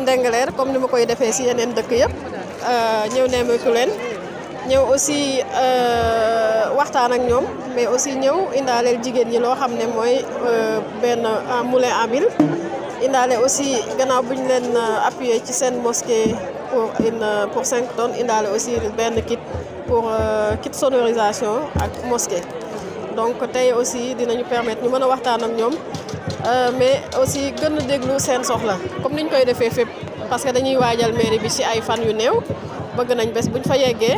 ñëw Ndingler comme ni ma koy defee si yeneen dëkk yëpp euh, ñëw nemmeeku leen ñëw aussi euh, waxtaan ak ñoom mais aussi ñëw indaaleel jigéen ñi loo xam ne mooy euh, benn moulin à mil indaale aussi gannaaw bu ñu leen appuyer ci seen mosquée pour une pour cinq tonnes indaale aussi benn kit pour kit sonorisation ak mosquée donc tey aussi dinañu permettre ñu mën a waxtaan ak ñoom Euh, mais aussi gën a déglu seen soxla comme niñ koy defee fépp parce que dañuy waajal mairie bi ci ay fan yu néew bëgg nañ bés buñ fa yeggee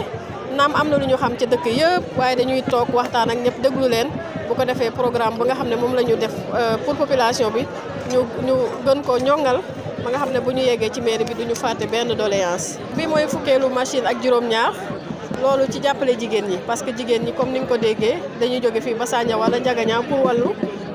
naam am na lu ñu xam ci dëkk yëpp waaye dañuy toog waxtaan ak ñëpp déglu leen bu ko defee programme ba nga xam ne moom la ñu def euh, pour population bi ñu ñu gën koo ñongal ba nga xam ne bu ñu yeggee ci mairie bi du ñu fàtte benn doléance bi mooy fukkeelu machine ak juróom-ñaar loolu ci jàppale jigéen ñi parce que jigéen ñi comme ni nga ko déggee dañuy jóge fii ba Sandiaga wala Ndiaganiao pour wàllu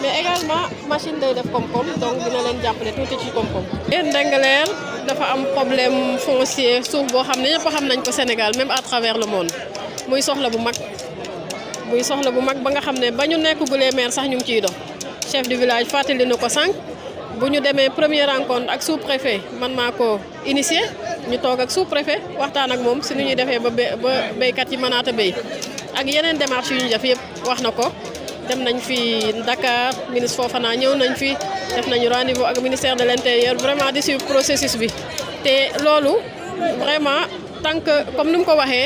mais également machine day def koom-koom donc dina leen jàppale tuuti ci koom-koom. Ndingler dafa am problème foncier suuf boo xam ne ñëpp xam nañ ko Sénégal même à travers le monde muy soxla bu mag muy soxla bu mag ba nga xam ne ba ñu nekk gulee maire sax ñu ngi ciy dox chef du village fàttali na ko sànq bu ñu demee première rencontre ak sous-préfet man maa ko initié ñu toog ak sous-préfet waxtaan ak moom si nu ñuy defee ba ba béykat yi mënaata béy ak yeneen démarches yu ñu def yëpp wax na ko. dem nañ fi Dakar ministre na ñew nañ fi def nañu rendez-vous ak ministère de l'intérieur vraiment di suivre processus bi te lolu vraiment tant que comme nous ko waxé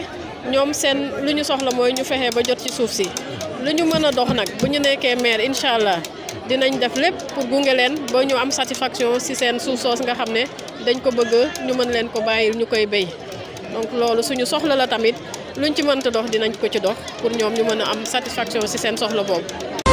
ñom sen luñu soxla moy ñu fexé ba jot ci souf si luñu mëna dox nak bu ñu nekkee maire inshallah dinañ def lepp pour gungé len ba ñu am satisfaction si sen souf sos nga xamné dañ ko bëgg ñu mën len ko bayil ñukoy bay donc lolu suñu soxla la tamit lu luñ ci mënta dox dinañ ko ci dox pour ñoom ñu mën a am satisfaction ci seen soxla boobu.